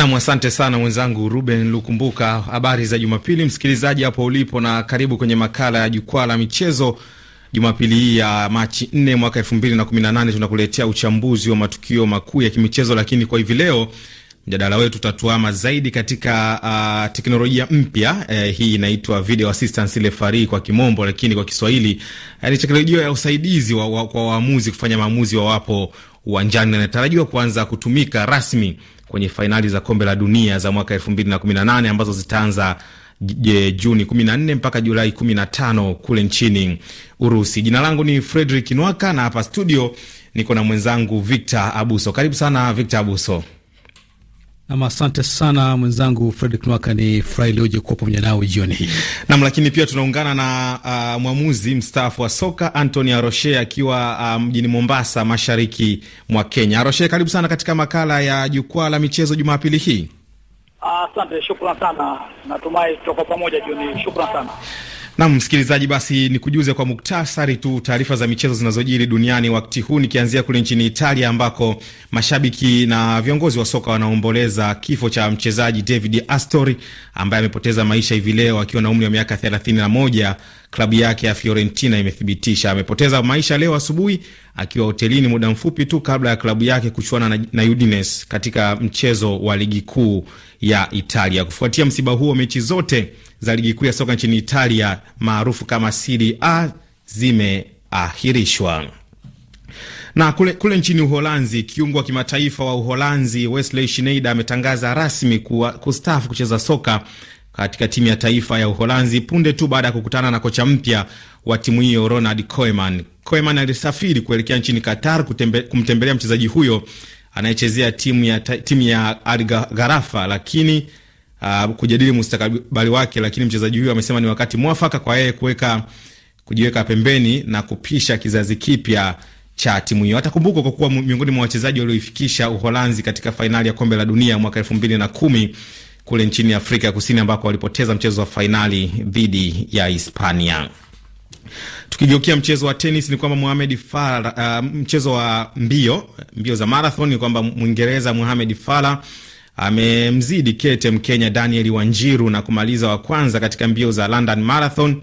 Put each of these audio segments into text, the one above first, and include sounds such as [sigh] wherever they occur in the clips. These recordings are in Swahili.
Nam, asante sana mwenzangu Ruben Lukumbuka. Habari za Jumapili msikilizaji hapo ulipo, na karibu kwenye makala ya jukwaa la michezo Jumapili hii ya Machi 4 mwaka 2018. Tunakuletea uchambuzi wa matukio makuu ya kimichezo, lakini kwa hivi leo mjadala wetu tutatuama zaidi katika uh, teknolojia mpya eh, hii inaitwa video assistance referee kwa kimombo, lakini kwa Kiswahili eh, ni teknolojia ya usaidizi wa, wa, kwa waamuzi kufanya maamuzi wawapo uwanjani, na inatarajiwa kuanza kutumika rasmi kwenye fainali za kombe la dunia za mwaka nane ambazo zitaanza eh, Juni 14 mpaka Julai 15 kule nchini Urusi. Jina langu ni Fredrick Nwaka na hapa studio niko na mwenzangu Victor Abuso. Karibu sana Victor Abuso. Nam, asante sana mwenzangu Fredrick Nwaka. Ni furahi ilioje kuwa pamoja nao jioni hii nam. Lakini pia tunaungana na uh, mwamuzi mstaafu wa soka Antony Aroshe akiwa uh, mjini Mombasa, mashariki mwa Kenya. Aroshe, karibu sana katika makala ya jukwaa la michezo jumapili hii. Asante, shukran sana, natumai tutakuwa pamoja jioni. Shukran sana. Nam msikilizaji, basi ni kujuze kwa muktasari tu taarifa za michezo zinazojiri duniani wakati huu, nikianzia kule nchini Italia ambako mashabiki na viongozi wa soka wanaomboleza kifo cha mchezaji David Astori ambaye amepoteza maisha hivi leo akiwa na umri wa miaka 31. Klabu yake ya Fiorentina imethibitisha amepoteza maisha leo asubuhi akiwa hotelini muda mfupi tu kabla ya klabu yake kuchuana na, na katika mchezo wa ligi kuu ya Italia. Kufuatia msiba huo, mechi zote za ligi kuu ya soka nchini Italia maarufu kama Serie A zimeahirishwa. Na kule, kule nchini Uholanzi, kiungo wa kimataifa wa Uholanzi Wesley Sneijder ametangaza rasmi kuwa, kustaafu kucheza soka katika timu ya taifa ya Uholanzi punde tu baada ya kukutana na kocha mpya wa timu hiyo Ronald Koeman. Koeman alisafiri kuelekea nchini Qatar kutembe, kumtembelea mchezaji huyo anayechezea timu ya, timu ya Al Gharafa lakini uh, kujadili mustakabali wake, lakini mchezaji huyo amesema ni wakati mwafaka kwa yeye kuweka kujiweka pembeni na kupisha kizazi kipya cha timu hiyo. Atakumbukwa kwa kuwa miongoni mwa wachezaji walioifikisha Uholanzi katika fainali ya kombe la dunia mwaka elfu mbili na kumi kule nchini Afrika ya Kusini ambako walipoteza mchezo wa fainali dhidi ya Hispania. Tukigeukia mchezo wa tenis ni kwamba Muhamed Farah, uh, mchezo wa mbio mbio za marathon ni kwamba Mwingereza muhamed fara amemzidi kete Mkenya Daniel Wanjiru na kumaliza wa kwanza katika mbio za London Marathon,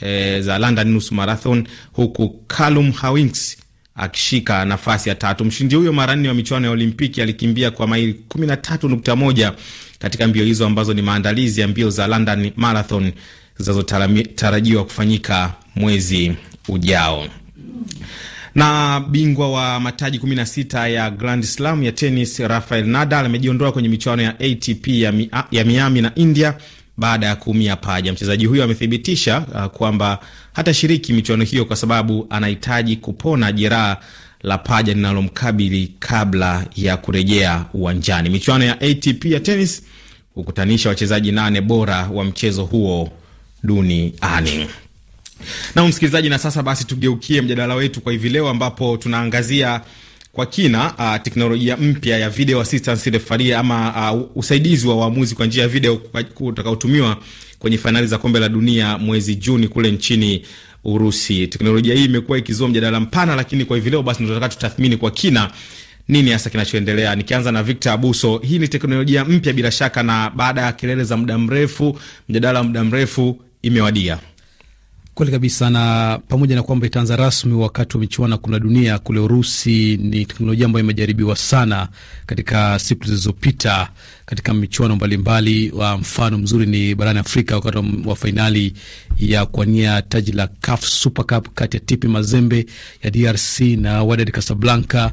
eh, za London nusu marathon, huku Callum Hawkins akishika nafasi ya tatu. Mshindi huyo mara nne wa michuano ya Olimpiki alikimbia kwa maili 13.1 katika mbio hizo ambazo ni maandalizi ya mbio za London Marathon zinazotarajiwa kufanyika mwezi ujao. Na bingwa wa mataji 16 ya Grand Slam ya tenis Rafael Nadal amejiondoa kwenye michuano ya ATP ya, ya Miami na India baada ya kuumia paja. Mchezaji huyo amethibitisha uh, kwamba hatashiriki michuano hiyo kwa sababu anahitaji kupona jeraha la paja linalomkabili kabla ya kurejea uwanjani. Michuano ya ATP ya tenis hukutanisha wachezaji nane bora wa mchezo huo duniani. Na msikilizaji, na sasa basi tugeukie mjadala wetu kwa hivi leo, ambapo tunaangazia kwa kina uh, teknolojia mpya ya video assistance referee ama uh, usaidizi wa waamuzi kwa njia ya video utakaotumiwa kwenye fainali za kombe la dunia mwezi Juni kule nchini Urusi. Teknolojia hii imekuwa ikizua mjadala mpana, lakini kwa hivi leo basi tunataka tutathmini kwa kina nini hasa kinachoendelea. Nikianza na Victor Abuso, hii ni teknolojia mpya bila shaka, na baada ya kelele za muda mrefu, mjadala wa muda mrefu, imewadia. Kweli kabisa, na pamoja na kwamba itaanza rasmi wakati wa michuano ya la dunia kule Urusi, ni teknolojia ambayo imejaribiwa sana katika siku zilizopita katika michuano mbalimbali Wa Mfano mzuri ni barani Afrika wakati wa fainali ya kuania taji la CAF Super Cup kati ya TP Mazembe ya DRC na Wydad Casablanca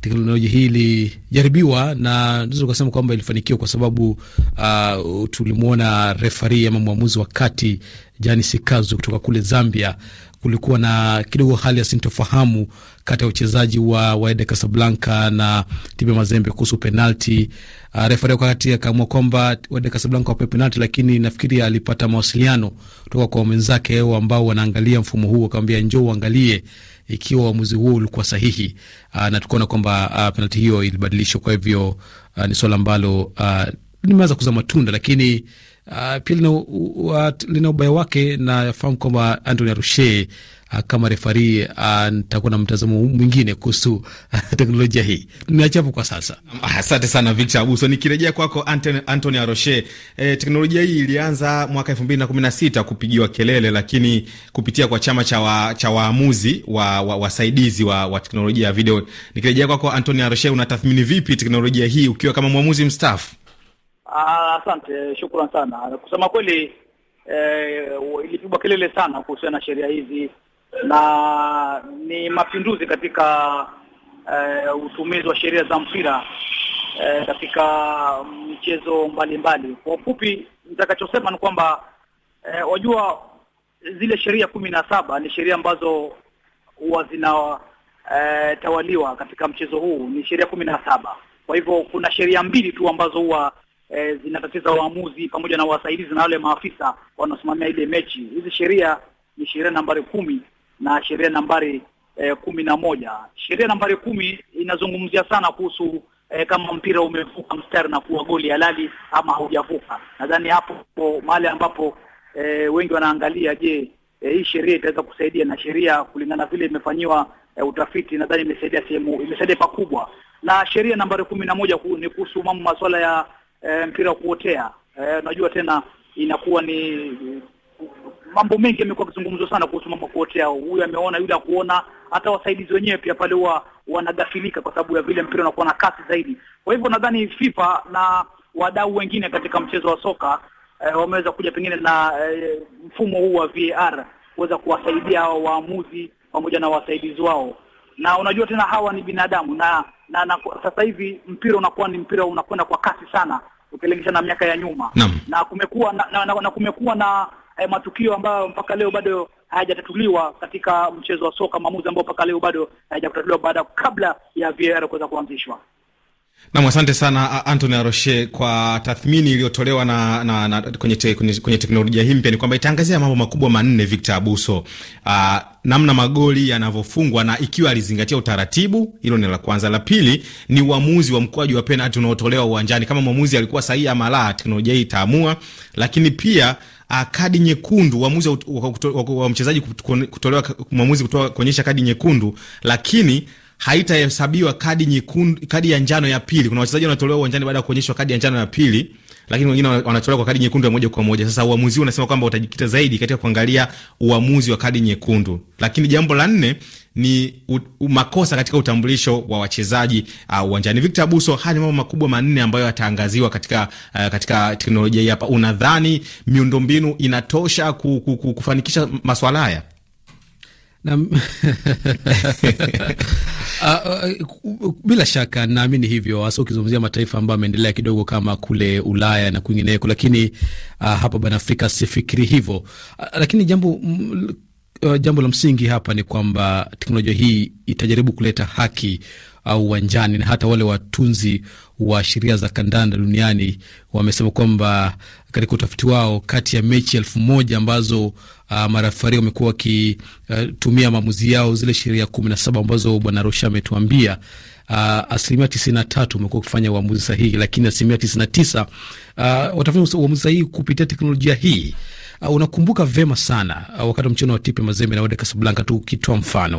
teknolojia hii ilijaribiwa na naweza ukasema kwamba ilifanikiwa kwa sababu uh, tulimwona refari ama mwamuzi wa kati Janis Kazu kutoka kule Zambia. Kulikuwa na kidogo hali ya sintofahamu kati ya uchezaji wa Wydad Casablanca na TP Mazembe kuhusu penalti. Uh, refari wakati akaamua kwamba Wydad Casablanca wapewe penalti, lakini nafikiri alipata mawasiliano kutoka kwa wenzake ambao wanaangalia mfumo huu, akamwambia njoo uangalie ikiwa uamuzi huo ulikuwa sahihi. Uh, na tukaona kwamba uh, ah, penalti hiyo ilibadilishwa. Kwa hivyo uh, ni swala ambalo uh, limeweza kuzaa matunda, lakini uh, pia lina ubaya wake, na yafahamu kwamba Antony Arushe Ah, kama refari ah, nitakuwa na mtazamo mwingine kuhusu ah, teknolojia hii. Niache hapo kwa sasa. Asante sana Victor Abuso. Nikirejea kwako Anthony Aroshe, e, eh, teknolojia hii ilianza mwaka elfu mbili na na kumi sita kupigiwa kelele, lakini kupitia kwa chama cha wa, cha waamuzi wa, wa wasaidizi wa, wa teknolojia ya video. Nikirejea kwako Anthony Aroshe, unatathmini vipi teknolojia hii ukiwa kama mwamuzi mstaafu? Asante, shukran sana. Kusema kweli, eh, ilipigwa kelele sana kuhusiana na sheria hizi na ni mapinduzi katika uh, utumizi wa sheria za mpira uh, katika mchezo mbalimbali. Kwa ufupi, nitakachosema ni kwamba uh, wajua zile sheria kumi na saba ni sheria ambazo huwa zinatawaliwa uh, katika mchezo huu, ni sheria kumi na saba. Kwa hivyo kuna sheria mbili tu ambazo huwa E, zinatatiza waamuzi pamoja na wasaidizi na wale maafisa wanaosimamia ile mechi. Hizi sheria ni sheria nambari kumi na sheria nambari eh, kumi na moja. Sheria nambari kumi inazungumzia sana kuhusu eh, kama mpira umevuka mstari na kuwa goli halali ama haujavuka. Nadhani hapo mahali ambapo eh, wengi wanaangalia, je, eh, hii sheria itaweza kusaidia? Na sheria kulingana vile imefanyiwa eh, utafiti, nadhani imesaidia sehemu, imesaidia pakubwa. Na sheria nambari kumi na moja ni kuhusu mambo masuala ya eh, mpira wa kuotea. Eh, najua tena inakuwa ni mambo mengi yamekuwa yakizungumzwa sana kuhusu mambo kuotea, huyu ameona, yule akuona. Hata wasaidizi wenyewe pia pale huwa wanagafilika kwa sababu ya vile mpira unakuwa na kasi zaidi. Kwa hivyo nadhani FIFA na wadau wengine katika mchezo wa soka eh, wameweza kuja pengine na eh, mfumo huu wa VAR kuweza kuwasaidia hao waamuzi pamoja na wasaidizi wao, na unajua tena hawa ni binadamu na, na, na sasa hivi mpira unakuwa ni mpira unakwenda kwa kasi sana ukilinganisha na miaka ya nyuma na, na kumekuwa na, na, na, na kumekuwa na eh, matukio ambayo mpaka leo bado hayajatatuliwa katika mchezo wa soka, maamuzi ambayo mpaka leo bado hayajatatuliwa baada kabla ya VAR kuweza kuanzishwa. Nam, asante sana Anthony Aroshe kwa tathmini iliyotolewa na, na, na kwenye, te, kwenye, kwenye teknolojia hii mpya. Ni kwamba itaangazia mambo makubwa manne, Victor Abuso. Uh, namna magoli yanavyofungwa na ikiwa alizingatia utaratibu, hilo ni la kwanza. La pili ni uamuzi wa mkwaju wa penalti unaotolewa uwanjani, kama mwamuzi alikuwa sahihi ama la, teknolojia hii itaamua. Lakini pia uh, kadi nyekundu, uamuzi wa mchezaji kutolewa, mwamuzi kutoa kuonyesha kadi nyekundu, lakini haitahesabiwa kadi nyekundu, kadi ya njano ya pili. Kuna wachezaji wanatolewa uwanjani baada ya kuonyeshwa kadi ya njano ya pili, lakini wengine wanatolewa kwa kadi nyekundu ya moja kwa moja. Sasa uamuzi unasema kwamba utajikita zaidi katika kuangalia uamuzi wa kadi nyekundu. Lakini jambo la nne ni makosa katika utambulisho wa wachezaji uh, uwanjani. Uh, Victor Buso, haya ni mambo makubwa manne ambayo yataangaziwa katika, uh, katika teknolojia hii hapa. Unadhani miundombinu inatosha ku, ku, ku, kufanikisha maswala haya? [laughs] Ah, uh, uh, bila shaka naamini hivyo, hasa ukizungumzia mataifa ambayo ameendelea kidogo kama kule Ulaya na kwingineko, lakini uh, hapa barani Afrika sifikiri hivyo. Uh, lakini jambo uh, jambo la msingi hapa ni kwamba teknolojia hii itajaribu kuleta haki au uh, uwanjani na hata wale watunzi wa sheria za kandanda duniani wamesema kwamba katika utafiti wao kati ya mechi elfu moja ambazo uh, marafari wamekuwa wakitumia uh, maamuzi yao zile sheria kumi na saba ambazo bwana Rosha ametuambia uh, asilimia tisini na tatu umekuwa wakifanya uamuzi sahihi, lakini asilimia tisini na tisa uh, watafanya uamuzi sahihi kupitia teknolojia hii uh, unakumbuka vema sana uh, wakati wa mchezo wa Tipe Mazembe na Wydad Casablanca, kitoa mfano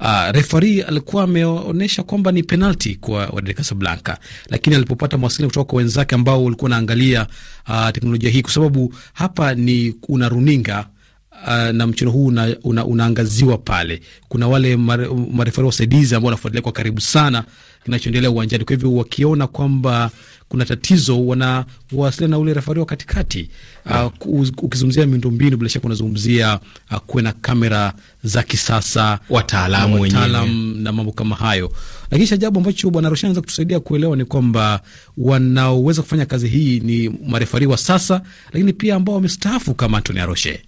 uh, refari alikuwa ameonyesha kwamba ni penalti kwa Wydad Casablanca, lakini alipopata mawasiliano kutoka kwa wenzake ambao walikuwa naangalia uh, teknolojia hii, kwa sababu hapa ni una runinga Uh, na mchezo huu una, una, unaangaziwa pale. Kuna wale mare, marefari wasaidizi ambao wanafuatilia kwa karibu sana kinachoendelea uwanjani. Kwa hivyo wakiona kwamba kuna tatizo, wanawasiliana na ule refari wa katikati. Uh, ukizungumzia miundombinu, bila shaka unazungumzia uh, kuwe na kamera za kisasa, wataalamu wataalam na mambo kama hayo. Lakini cha ajabu ambacho bwana Roshan anaweza kutusaidia kuelewa ni kwamba wanaoweza kufanya kazi hii ni marefari wa sasa, lakini pia ambao wamestaafu kama Antoni Aroshe.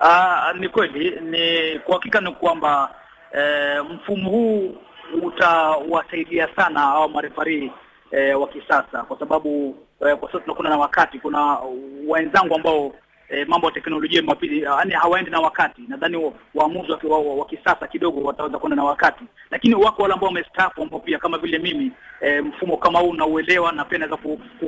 Uh, [laughs] ni kweli ni kwa hakika ni kwamba e, mfumo huu utawasaidia sana hao marefarii e, eh, wa kisasa kwa sababu e, kwa sasa tunakuwa na wakati. Kuna wenzangu ambao e, mambo ya teknolojia mapili, yaani hawaendi na wakati. Nadhani waamuzi wa, wa kisasa kidogo wataweza kuenda na wakati, lakini wako wale ambao wamestaafu, ambao pia kama vile mimi e, mfumo kama huu nauelewa na pia naweza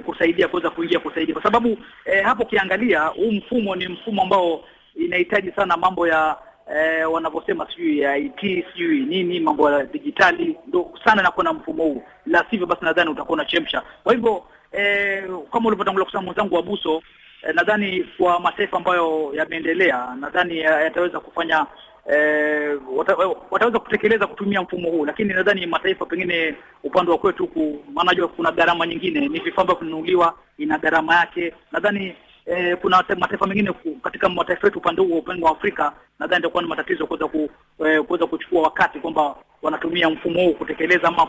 kusaidia kuweza kuingia kusaidia, kwa sababu e, hapo ukiangalia huu mfumo ni mfumo ambao inahitaji sana mambo ya eh, wanavyosema sijui ya IT sijui nini mambo ya dijitali ndio sana na kuna mfumo huu, la sivyo basi nadhani utakuwa unachemsha. Kwa hivyo eh, kama ulivyotangulia kusema mwenzangu Buso eh, nadhani kwa mataifa ambayo yameendelea nadhani yataweza kufanya eh, wata, wataweza kutekeleza kutumia mfumo huu, lakini nadhani mataifa pengine upande wa kwetu, maana kuna gharama nyingine, ni vifaa vya kununuliwa, ina gharama yake. Nadhani eh, kuna mataifa mengine katika mataifa yetu upande huo upande wa Afrika, nadhani itakuwa ni matatizo kuweza ku, eh, kuweza kuchukua wakati kwamba wanatumia mfumo huu kutekeleza ama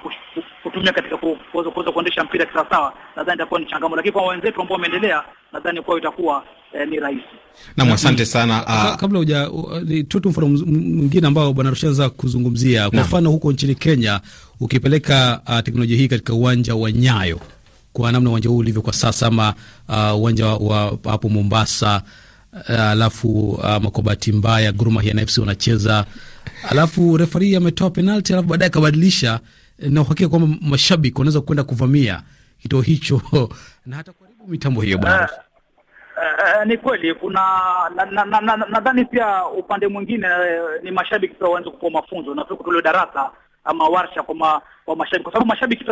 kutumia katika kuweza kuweza kuendesha mpira kisawasawa, nadhani itakuwa ni changamoto, lakini kwa wenzetu ambao wameendelea, nadhani kwao itakuwa eh, ni rahisi. Naam, asante sana. Ah. Uh, kabla uh, tutu mfano mwingine ambao bwana Rushaza kuzungumzia, kwa mfano huko nchini Kenya, ukipeleka uh, teknolojia hii katika uwanja wa Nyayo kwa namna uwanja huu ulivyo kwa sasa, ama uh, uwanja uh, wa hapo Mombasa, uh, alafu uh, uh, kwa bahati mbaya Gor Mahia na AFC wanacheza, alafu refari ametoa penalti, alafu baadaye akabadilisha, eh, na uhakika kwamba mashabiki wanaweza kwenda kuvamia kituo hicho [laughs] na hata kuharibu mitambo hiyo bwana. Uh, uh, ni kweli kuna nadhani na, na, na, na, pia upande mwingine uh, ni mashabiki pia waanze kupewa mafunzo na tulio darasa ama warsha kwa wa mashabiki, kwa sababu mashabiki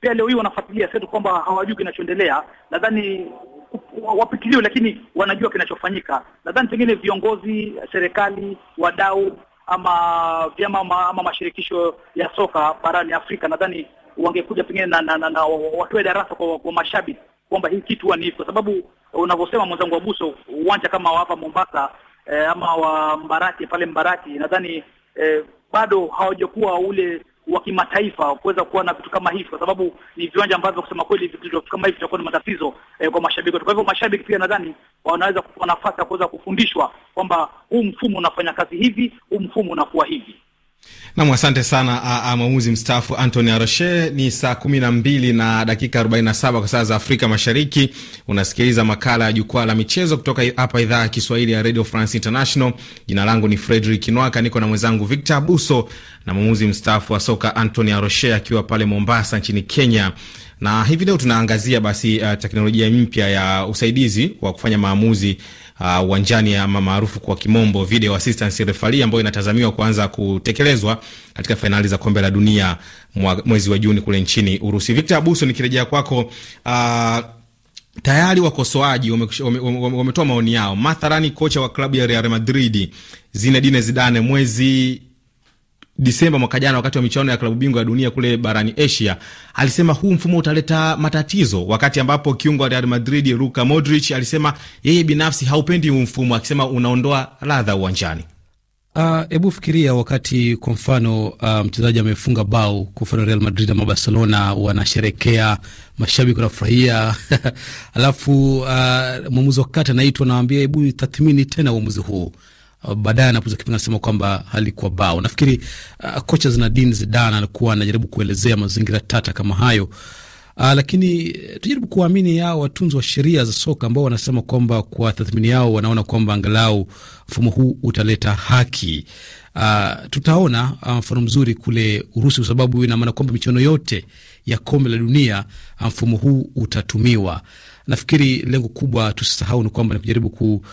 pia leo hii wanafuatilia, sio tu kwamba hawajui kinachoendelea. Nadhani wapitiliwe, lakini wanajua kinachofanyika. Nadhani pengine viongozi, serikali, wadau ama vyama ama, ama mashirikisho ya soka barani Afrika nadhani wangekuja pengine na, na, na, na watoe darasa kwa, kwa mashabiki kwamba hii kitu ni kwa sababu unavyosema mwenzangu wa Buso, uwanja kama wa hapa Mombasa eh, ama wa Mbarati pale Mbarati nadhani eh, bado hawajakuwa ule wa kimataifa kuweza kuwa na vitu kama hivi, kwa sababu ni viwanja ambavyo kusema kweli vitu kama hivi vitakuwa ni matatizo eh, kwa mashabiki wetu. Kwa hivyo mashabiki pia nadhani wanaweza kupata nafasi ya kuweza kufundishwa kwamba huu mfumo unafanya kazi hivi, huu mfumo unakuwa hivi. Nam, asante sana mwamuzi mstaafu Antony Aroshe. Ni saa kumi na mbili na dakika 47 kwa saa za Afrika Mashariki. Unasikiliza makala ya Jukwaa la Michezo kutoka hapa idhaa ya Kiswahili ya Radio France International. Jina langu ni Fredrick Nwaka, niko na mwenzangu Victor Abuso na mwamuzi mstaafu wa soka Antony Aroshe akiwa pale Mombasa nchini Kenya na hivi leo tunaangazia basi uh, teknolojia mpya ya usaidizi wa kufanya maamuzi Uh, uwanjani uh, ama maarufu kwa kimombo video assistance refali ambayo inatazamiwa kuanza kutekelezwa katika fainali za kombe la dunia mwezi wa Juni kule nchini Urusi. Victor Abuso, nikirejea kwako uh, tayari wakosoaji wametoa wame, wame, wame maoni yao, mathalani kocha wa klabu ya Real Madrid Zinedine Zidane mwezi Disemba mwaka jana wakati wa michuano ya klabu bingwa ya dunia kule barani Asia. Alisema huu mfumo utaleta matatizo, wakati ambapo kiungo wa Real Madrid Luka Modric alisema yeye binafsi haupendi huu mfumo, akisema unaondoa ladha uwanjani. Ah, hebu uh, fikiria wakati kwa mfano uh, mchezaji amefunga bao kwa mfano Real Madrid ama Barcelona, wanasherekea, mashabiki wanafurahia [laughs] alafu uh, mwamuzi wa kati anaitwa, nawambia hebu tathmini tena uamuzi huu Uh, baadaye anapuza kipinga, anasema kwamba kwa bao. Nafikiri uh, kocha Zinedine Zidane alikuwa anajaribu kuelezea mazingira tata kama hayo. Uh, lakini uh, tujaribu kuwaamini hao watunzi wa sheria za soka ambao wanasema kwamba kwa tathmini yao wanaona kwamba angalau mfumo huu utaleta haki. Uh, tutaona uh, mfano uh, mzuri kule Urusi kwa sababu ina maana kwamba michuano yote ya kombe la dunia mfumo huu utatumiwa nafikiri lengo kubwa tusisahau ni kwamba ni kujaribu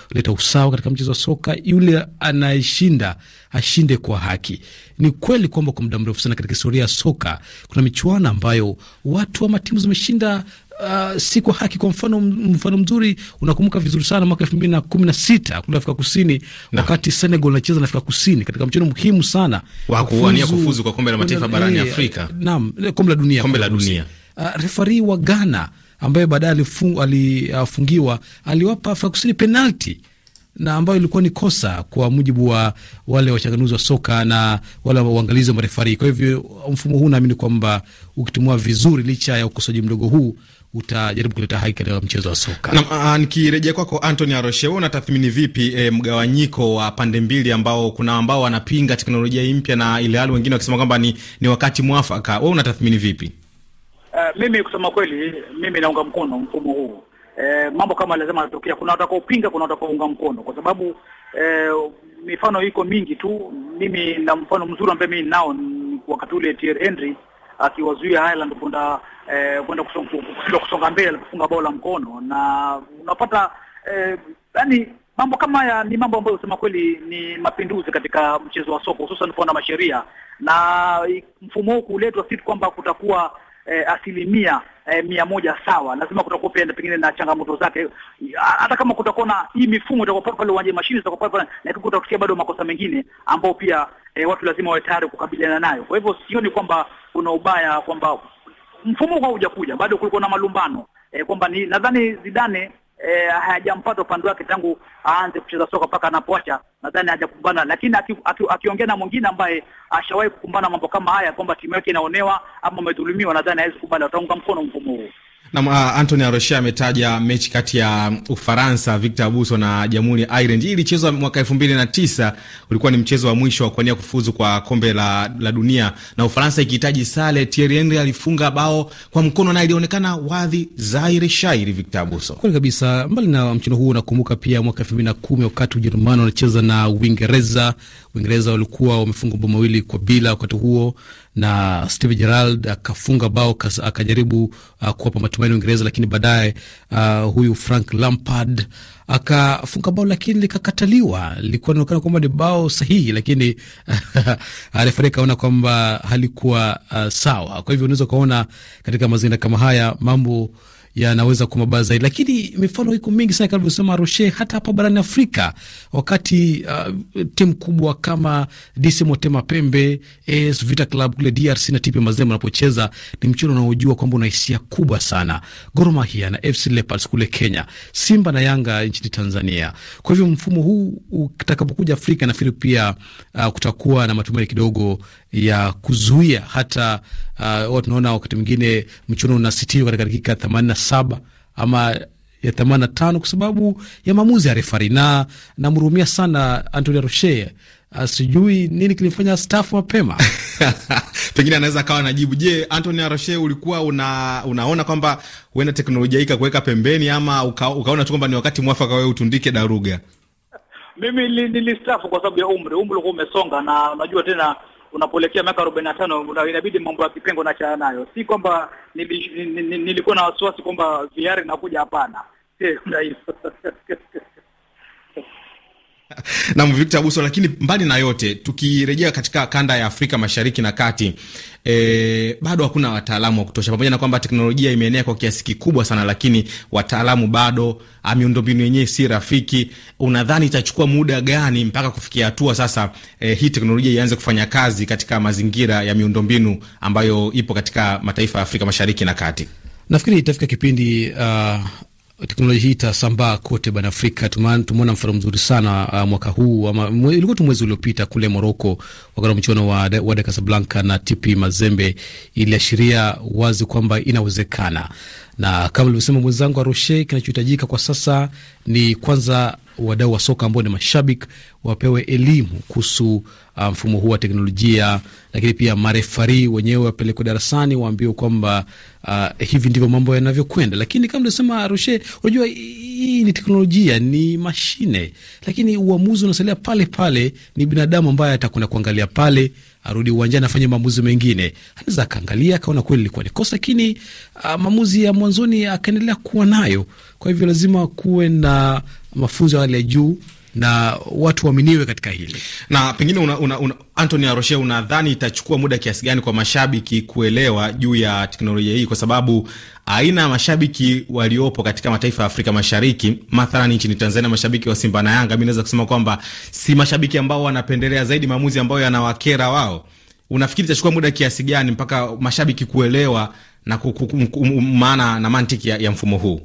kuleta usawa katika mchezo wa soka, yule anayeshinda ashinde kwa haki. Ni kweli kwamba kwa muda mrefu sana katika historia ya soka kuna michuano ambayo watu ama timu zimeshinda Uh, si kwa haki. Kwa mfano, mfano mzuri unakumbuka vizuri sana mwaka elfu mbili na kumi na sita kule Afrika Kusini na, wakati Senegal nacheza na Afrika Kusini katika mchezo muhimu sana wa kuwania kufuzu kwa kombe la mataifa barani eh, Afrika, naam, eh, kombe la dunia, kombe la dunia, uh, refari wa Ghana ambaye baadaye alifungiwa, aliwapa Afrika Kusini penalti na ambayo ilikuwa ni kosa kwa mujibu wa wale wachanganuzi wa soka na wale waangalizi wa marefari. Kwa hivyo mfumo huu naamini kwamba ukitumua vizuri, licha ya ukosoaji mdogo huu, utajaribu kuleta haki katika mchezo wa soka. Nikirejea kwako Antony Aroshe, we unatathmini vipi e, mgawanyiko wa pande mbili ambao kuna ambao wanapinga teknolojia hii mpya na ile hali wengine wakisema kwamba ni, ni wakati mwafaka? Wewe unatathmini vipi? Eh, mimi kusema kweli, mimi naunga mkono mfumo huu. E, mambo kama lazima yanatokea. Kuna watakaopinga, kuna watakaounga mkono, kwa sababu e, mifano iko mingi tu. Mimi na mfano mzuri ambaye mimi nao wakati ule Thierry Henry akiwazuia Ireland kwenda kwenda kusonga, kusonga mbele alipofunga bao la mkono, na unapata yaani e, mambo kama haya ni mambo ambayo usema kweli ni mapinduzi katika mchezo wa soka, hususan kuwa na masheria na mfumo huu kuletwa, si kwamba kutakuwa eh, asilimia eh, mia moja sawa. Lazima kutakuwa pia pengine na changamoto zake, hata kama kutakuwa na hii mifumo itakuwa pale uwanja mashine zitakuwa pale, lakini kutatokea bado makosa mengine ambao pia eh, watu lazima wawe tayari kukabiliana nayo. Kwa hivyo sioni kwamba kuna ubaya kwamba mfumo kwa hujakuja bado, kulikuwa na malumbano eh, kwamba ni nadhani Zidane eh, hayajampata upande wake tangu aanze kucheza soka mpaka anapoacha, nadhani hajakumbana, lakini akiongea aki, aki, na mwingine ambaye ashawahi kukumbana mambo kama haya, kwamba timu yake inaonewa ama amedhulumiwa, nadhani hawezi kubali, utaunga mkono mfumo huu. Na uh, Anthony ametaja mechi kati ya um, Ufaransa Victor Abuso na Jamhuri ya Ireland. Hii ilichezwa mwaka tisa, ulikuwa ni mchezo wa mwisho wa kuania kufuzu kwa kombe la, la dunia na Ufaransa ikihitaji sale Thierry Henry alifunga bao kwa mkono na ilionekana wadhi zaire shairi Victor Abuso. Kweli kabisa. Mbali na mchezo huo, unakumbuka pia mwaka kumi wakati Ujerumani wanacheza na Uingereza. Uingereza walikuwa wamefunga bao mawili kwa bila wakati huo na Steve Gerrard akafunga bao akajaribu uh, kuwapa matumaini Uingereza, lakini baadaye uh, huyu Frank Lampard akafunga bao lakini likakataliwa. Lilikuwa linaonekana kwamba ni bao sahihi, lakini [laughs] refari akaona kwamba halikuwa uh, sawa. Kwa hivyo unaweza ukaona katika mazingira kama haya mambo yanaweza kuwa mabaya zaidi, lakini mifano iko mingi sana, alivyosema Roshe, hata hapa barani Afrika wakati uh, timu kubwa kama DC Motema Pembe, AS Vita Club kule DRC na TP Mazembe wanapocheza ni mchezo unaojua kwamba una hisia kubwa sana. Gor Mahia na FC Leopards kule Kenya, Simba na Yanga nchini Tanzania. Kwa hivyo mfumo huu utakapokuja Afrika nafikiri pia uh, kutakuwa na matumaini kidogo ya kuzuia hata uh, tunaona wakati mwingine mchuano unasitiwa katika dakika themanini na saba ama ya themanini na tano kwa sababu ya maamuzi ya refari, na namhurumia sana Antonio Roche. Uh, sijui nini kilifanya stafu mapema [laughs] pengine anaweza akawa anajibu. Je, Antony Aroshe, ulikuwa una, unaona kwamba huenda teknolojia hii ikakuweka pembeni ama uka, ukaona tu kwamba ni wakati mwafaka wewe utundike daruga? Mimi nilistafu kwa sababu ya umri, umri ulikuwa umesonga, na unajua tena unapoelekea miaka arobaini na tano inabidi mambo ya kipengo naachana nayo. Si kwamba nilikuwa na wasiwasi kwamba VR inakuja, hapana, [laughs] sio hivyo [laughs] [laughs] na Victor Abuso. Lakini mbali na yote, tukirejea katika kanda ya Afrika Mashariki na Kati, e, bado hakuna wataalamu wa kutosha, pamoja na kwamba teknolojia imeenea kwa kiasi kikubwa sana, lakini wataalamu bado, ah, miundombinu yenyewe si rafiki. Unadhani itachukua muda gani mpaka kufikia hatua sasa, e, hii teknolojia ianze kufanya kazi katika mazingira ya miundombinu ambayo ipo katika mataifa ya Afrika Mashariki na Kati? Nafikiri itafika kipindi uh, teknolojia hii itasambaa kote barani Afrika. Tumeona mfano mzuri sana uh, mwaka huu ama ilikuwa tu mwezi uliopita kule Moroko, wakati wa mchuano wa Wydad Casablanca na TP Mazembe, iliashiria wazi kwamba inawezekana, na kama ulivyosema mwenzangu Aroshe, kinachohitajika kwa sasa ni kwanza wadau wa soka ambao ni mashabiki wapewe elimu kuhusu uh, mfumo um, huu wa teknolojia, lakini pia marefari wenyewe wapelekwe darasani, waambiwe kwamba uh, hivi ndivyo mambo yanavyokwenda. Lakini kama tunasema Roshe, unajua hii ni teknolojia, ni mashine, lakini uamuzi unasalia pale pale. Ni binadamu ambaye atakwenda kuangalia pale, arudi uwanjani, afanye maamuzi mengine. Anaweza akaangalia akaona kweli ilikuwa ni kosa, lakini uh, maamuzi ya mwanzoni akaendelea kuwa nayo. Kwa hivyo lazima kuwe na mafunzo ya hali ya juu na watu waaminiwe katika hili. Na pengine una, una, una, Anthony Aroshe, unadhani itachukua muda kiasi gani kwa mashabiki kuelewa juu ya teknolojia hii, kwa sababu aina ya mashabiki waliopo katika mataifa ya Afrika Mashariki, mathalan nchini Tanzania, mashabiki wa Simba na Yanga, mi naweza kusema kwamba si mashabiki ambao wanapendelea zaidi maamuzi ambayo yanawakera wao. Unafikiri itachukua muda kiasi gani mpaka mashabiki kuelewa na maana na mantiki ya, ya mfumo huu?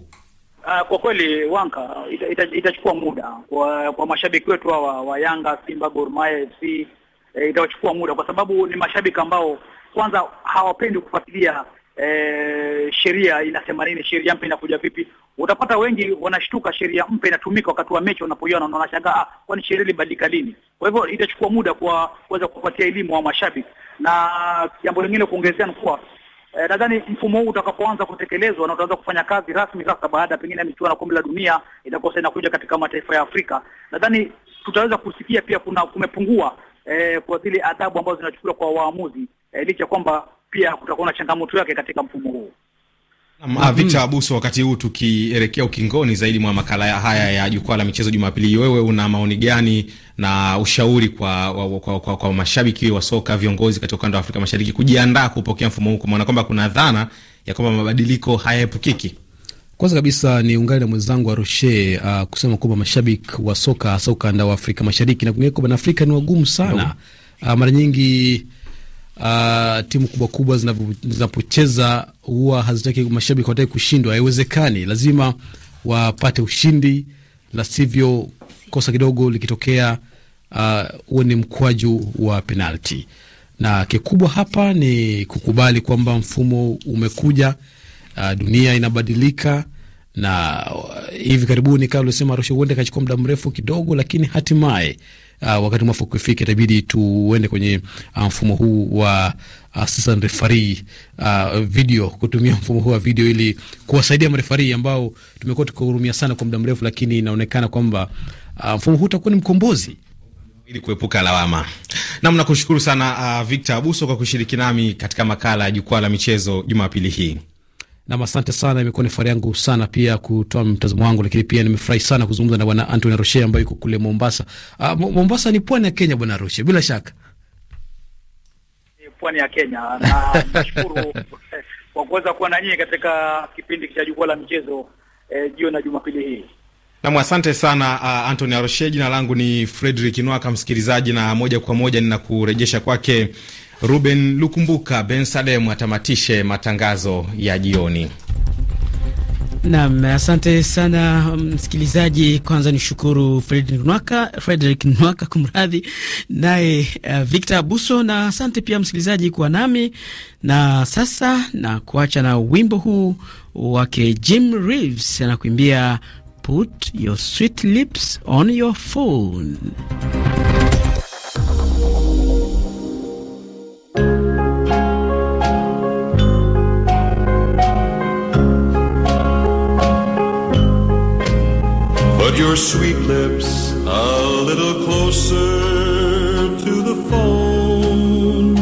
Ah, kwa kweli Wanka, itachukua ita, ita muda kwa, kwa mashabiki wetu hawa wa Yanga, Simba, Gor Mahia FC e, eh, itachukua muda kwa sababu ni mashabiki ambao kwanza hawapendi kufuatilia e, sheria inasema nini, sheria mpya inakuja vipi. Utapata wengi wanashtuka sheria mpya inatumika wakati wa mechi, wanapoiona wanashangaa, ah, kwani sheria ilibadilika lini? Kwa hivyo itachukua muda kwa kuweza kupatia elimu wa mashabiki, na jambo lingine kuongezea ni kuwa Eh, nadhani mfumo huu utakapoanza kutekelezwa na utaanza kufanya kazi rasmi sasa, baada pengine ya michuano ya kombe la dunia itakosa inakuja katika mataifa ya Afrika, nadhani tutaweza kusikia pia kuna kumepungua eh, kwa zile adhabu ambazo zinachukuliwa kwa waamuzi eh, licha kwamba pia kutakuwa na changamoto yake katika mfumo huu. Ah, Victor Abuso, wakati huu tukielekea ukingoni zaidi mwa makala haya ya jukwaa la michezo Jumapili, wewe una maoni gani na ushauri kwa, kwa, kwa, kwa, kwa mashabiki wa soka, viongozi katika ukanda wa Afrika Mashariki kujiandaa kupokea mfumo huu, kwa maana kwamba kuna dhana ya kwamba mabadiliko hayaepukiki? Kwanza kabisa ni ungani na mwenzangu Aroshe uh, ah, kusema kwamba mashabiki wa soka hasa ukanda wa Afrika Mashariki na kwingineko barani Afrika ni wagumu sana uh, mara nyingi uh, timu kubwa kubwa zinapocheza huwa hazitaki mashabiki wataki kushindwa. Haiwezekani, lazima wapate ushindi, la sivyo kosa kidogo likitokea huo ah, uh, ni mkwaju wa penalti, na kikubwa hapa ni kukubali kwamba mfumo umekuja, uh, dunia inabadilika na uh, hivi karibuni kama ulisema Arusha huenda ikachukua muda mrefu kidogo, lakini hatimaye uh, wakati mwafaka ukifika itabidi tuende kwenye ah, mfumo huu wa uh, assistant referee uh, video, kutumia mfumo huu wa video ili kuwasaidia marefarii ambao tumekuwa tukihurumia sana kwa muda mrefu, lakini inaonekana kwamba uh, mfumo huu utakuwa ni mkombozi ili kuepuka lawama. Nam, nakushukuru sana uh, Victor Abuso kwa kushiriki nami katika makala ya jukwaa la michezo Jumapili hii. Nam, asante sana, imekuwa ni fahari yangu sana pia kutoa mtazamo wangu, lakini pia nimefurahi sana kuzungumza na bwana Antony Roche ambaye yuko kule Mombasa. Uh, Mombasa ni pwani ya Kenya, bwana Roche, bila shaka pwani ya Kenya na [laughs] nashukuru kwa kuweza kuwa na nyie katika kipindi cha jukwaa la michezo eh, jio na Jumapili hii. Nam, asante sana uh, ah, Antony Aroshe. Jina langu ni Fredrick Nwaka, msikilizaji, na moja kwa moja ninakurejesha kwake Ruben Lukumbuka Ben Salem atamatishe matangazo ya jioni. Nam, asante sana um, msikilizaji. Kwanza ni shukuru Fredrik Nwaka, Fredrik Nwaka kumradhi, naye uh, Victor Abuso, na asante pia msikilizaji kuwa nami na sasa, na kuacha na wimbo huu wake Jim Reeves anakuimbia put your sweet lips on your phone. your sweet lips a little closer to the phone.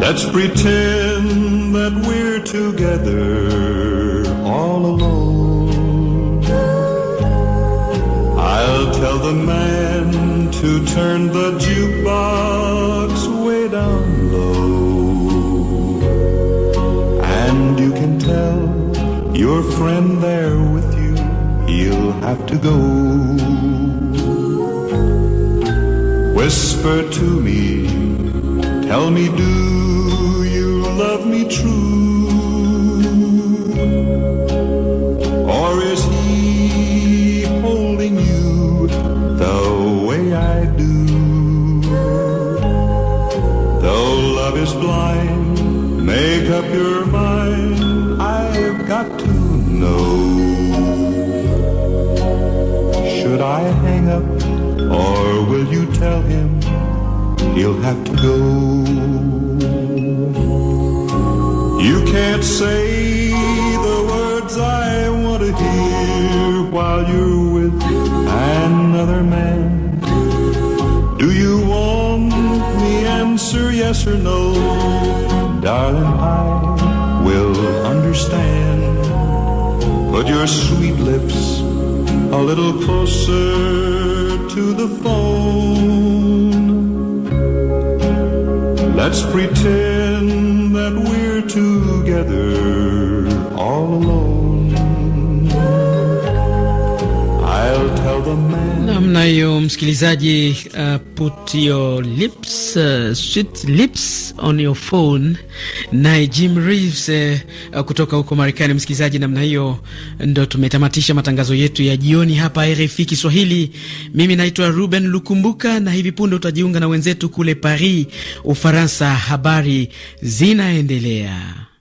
Let's pretend that we're together all alone. I'll tell the man to turn the jukebox way down low. And you can tell your friend there have to go. Whisper to me, tell me, do Put your sweet lips a little closer to the phone. Let's pretend that we're together all alone. I'll tell the man. Namna msikilizaji, uh, put your lips, uh, sweet lips on Your Phone na Jim Reeves eh, eh, kutoka huko Marekani. Msikilizaji, namna hiyo ndo tumetamatisha matangazo yetu ya jioni hapa RFI Kiswahili. Mimi naitwa Ruben Lukumbuka na hivi punde utajiunga na wenzetu kule Paris, Ufaransa. Habari zinaendelea.